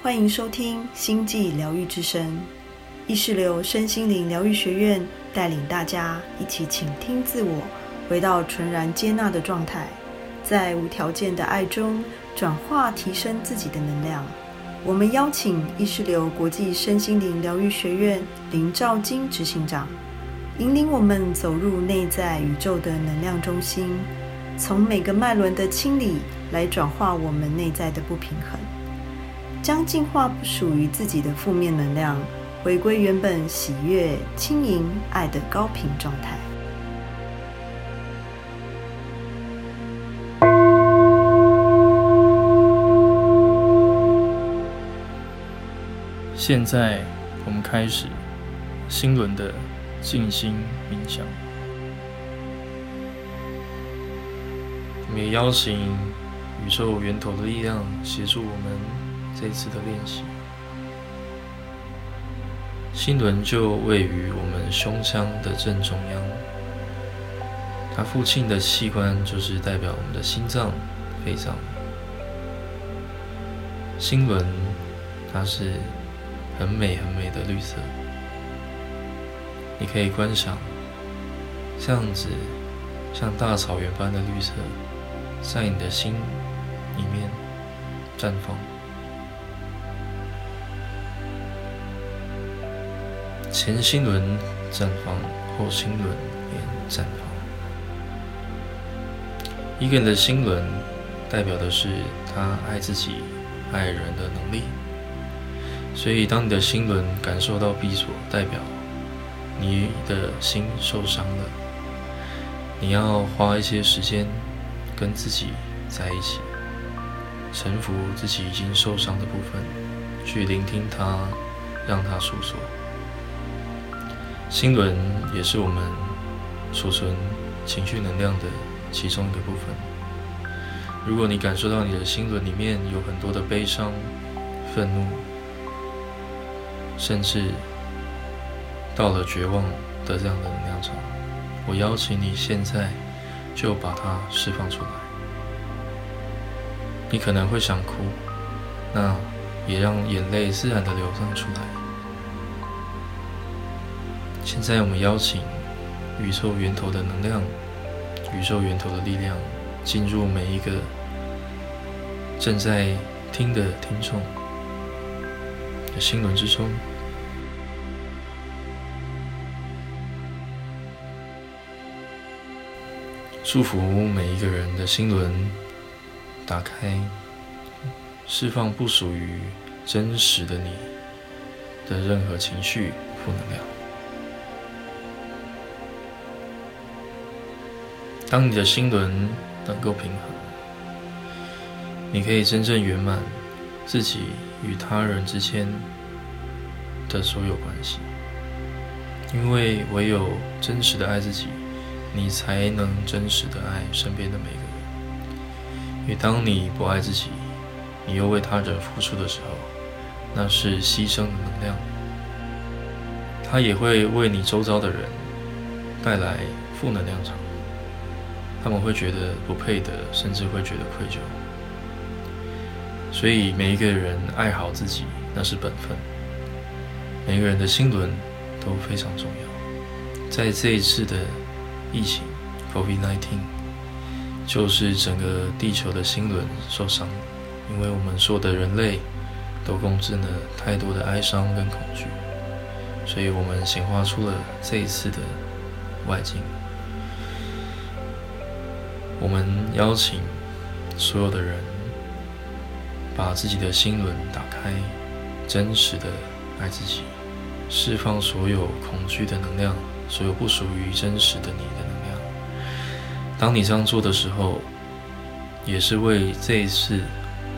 歡迎收聽《星際療癒之聲》，藝識流身心靈療癒學院帶領大家一起傾聽自我，回到純然接納的狀態，在無條件的愛中轉化提升自己的能量。我們邀請藝識流國際身心靈療癒學院林兆金執行長，引領我們走入內在宇宙的能量中心，從每個脈輪的清理來轉化我們內在的不平衡。將淨化不屬於自己的負面能量，回歸原本喜悅、輕盈、愛的高頻狀態。現在，我們開始心輪的靜心冥想。我們也邀請宇宙源頭的力量協助我們。這次的練習，心輪就位於我們胸腔的正中央。它附近的器官就是代表我們的心臟、肺臟。心輪它是很美、很美的綠色，你可以觀賞，這樣子像大草原般的綠色，在你的心裡面綻放。前心輪綻放，後心輪也綻放。一個人的心輪代表的是他愛自己、愛人的能力。所以，當你的心輪感受到閉鎖，代表你的心受傷了。你要花一些時間跟自己在一起，臣服自己已經受傷的部分，去聆聽他，讓他訴說，說。心輪也是我們儲存情緒能量的其中一個部分。如果你感受到你的心輪裡面有很多的悲傷、憤怒，甚至到了絕望的這樣的能量場，我邀請你現在就把它釋放出來。你可能會想哭，那也讓眼淚自然的流淌出來。現在，我們邀請宇宙源頭的能量、宇宙源頭的力量進入每一個正在聽的聽眾的心輪之中，祝福每一個人的心輪，打開，釋放不屬於真實的你的任何情緒、負能量。當你的心輪能夠平衡，你可以真正圓滿自己與他人之間的所有關係。因為唯有真實的愛自己，你才能真實的愛身邊的每個人。也當你不愛自己，你又為他人付出的時候，那是犧牲的能量，它也會為你周遭的人帶來負能量場。他們會覺得不配得，甚至會覺得愧疚。所以，每一個人愛好自己那是本分。每個人的心輪都非常重要。在這一次的疫情，COVID-19，就是整個地球的心輪受傷，因為我們所有的人類都共振了太多的哀傷跟恐懼，所以我們顯化出了這一次的外境。我們邀請所有的人，把自己的心輪打開，真實的愛自己，釋放所有恐懼的能量，所有不屬於真實的你的能量。當你這樣做的時候，也是為這一次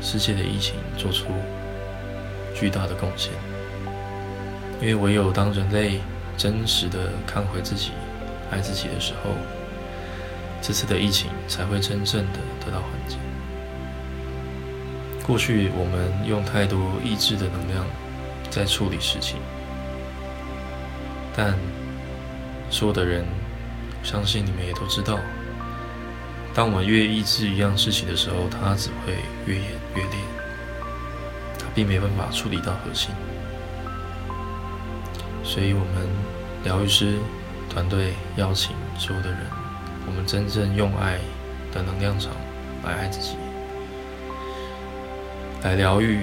世界的疫情做出巨大的貢獻。因為唯有當人類真實的看回自己，愛自己的時候。這次的疫情才會真正的得到緩解。過去我們用太多抑制的能量在處理事情，但所有的人，相信你們也都知道，當我們越抑制一樣事情的時候，它只會越演越烈，它並沒辦法處理到核心。所以，我們療癒師團隊邀請所有的人。我們真正用愛的能量場來愛自己，來療癒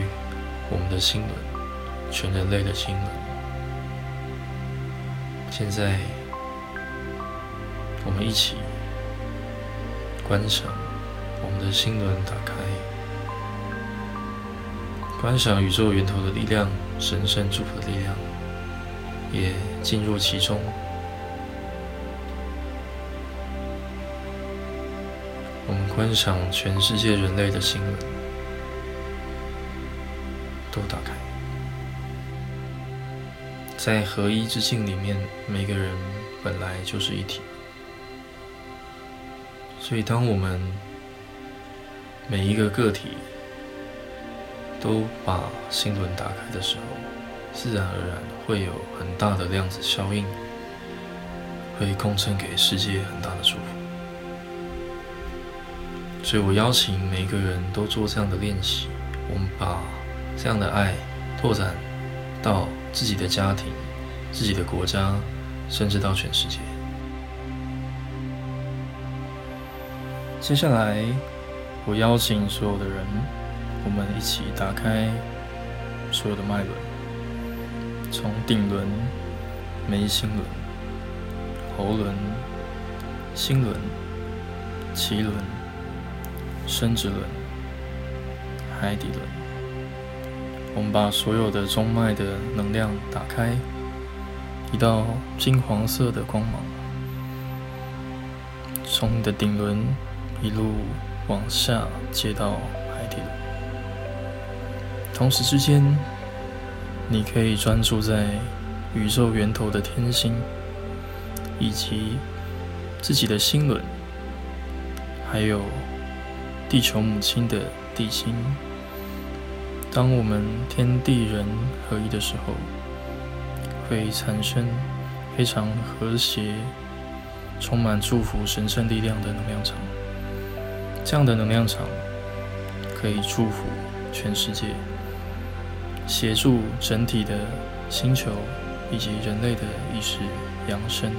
我們的心輪，全人類的心輪。現在，我們一起觀想我們的心輪打開，觀想宇宙源頭的力量、神聖祝福的力量，也進入其中。我們觀賞全世界人類的心輪都打開，在合一之境裡面，每個人本來就是一體。所以，當我們每一個個體都把心輪打開的時候，自然而然會有很大的量子效應，會共振給世界很大的祝福。所以我邀請每個人都做這樣的練習，我們把這樣的愛拓展到自己的家庭、自己的國家，甚至到全世界。接下來，我邀請所有的人，我們一起打開所有的脈輪，從頂輪、眉心輪、喉輪、心輪、臍輪。生殖輪、海底輪，我們把所有的中脈的能量打開，一道金黃色的光芒從你的頂輪一路往下接到海底輪，同時之間，你可以專注在宇宙源頭的天星以及自己的心輪，還有，地球母親的地心，當我們天地人合一的時候，會產生非常和諧、充滿祝福、神聖力量的能量場。這樣的能量場可以祝福全世界，協助整體的星球以及人類的意識揚升。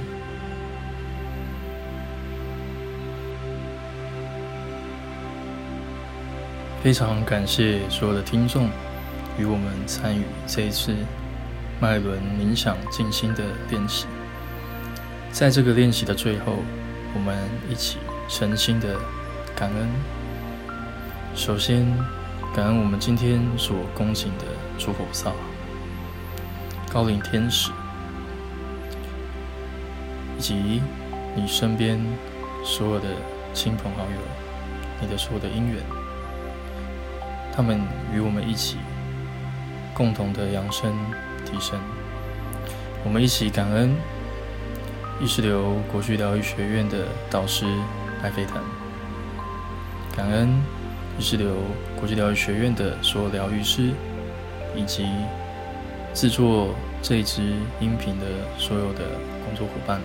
非常感謝所有的聽眾與我們參與這一次脈輪冥想靜心的練習。在這個練習的最後，我們一起誠心的感恩。首先，感恩我們今天所恭請的諸菩薩、高齡天使，以及你身邊所有的親朋好友，你的所有的姻緣。他們與我們一起共同的揚升提升，我們一起感恩藝識流國際療癒學院的導師艾菲坦，感恩藝識流國際療癒學院的所有療癒師，以及製作這一支音頻的所有的工作夥伴。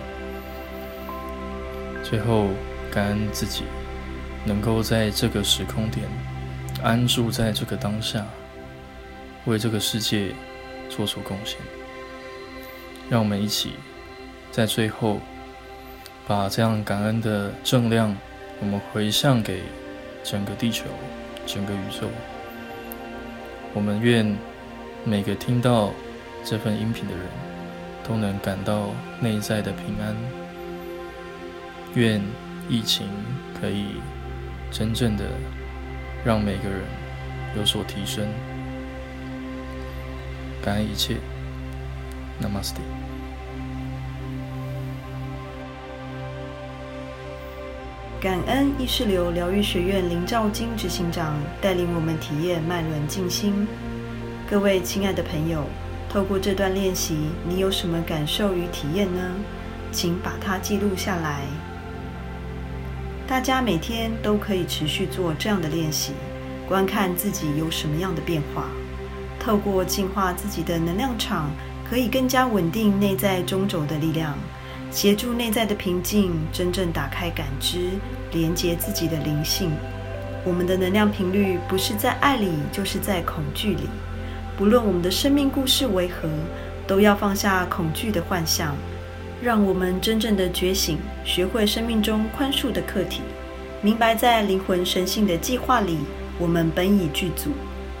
最後，感恩自己能夠在這個時空點。安住在這個當下，為這個世界做出貢獻。讓我們一起在最後把這樣感恩的正量，我們回向給整個地球、整個宇宙。我們願每個聽到這份音頻的人都能感到內在的平安。願疫情可以真正的。讓每個人有所提升。感恩一切，Namaste。感恩藝識流療癒學院林兆金執行長帶領我們體驗脈輪靜心。各位親愛的朋友，透過這段練習，你有什麼感受與體驗呢？請把它記錄下來。大家每天都可以持續做這樣的練習，觀看自己有什麼樣的變化。透過淨化自己的能量場，可以更加穩定內在中軸的力量，協助內在的平靜，真正打開感知，連接自己的靈性。我們的能量頻率不是在愛裡，就是在恐懼裡。不論我們的生命故事為何，都要放下恐懼的幻象。讓我們真正的覺醒，學會生命中寬恕的課題，明白在靈魂神性的計劃裡，我們本已具足，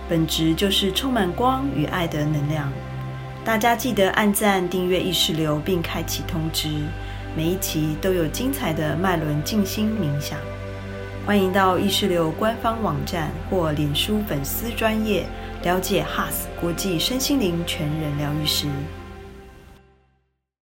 本質就是充滿光與愛的能量。大家記得按讚、訂閱藝識流，並開啟通知，每一期都有精彩的脈輪靜心冥想。歡迎到藝識流官方網站或臉書粉絲專頁，了解 HAS 國際身心靈全人療癒師。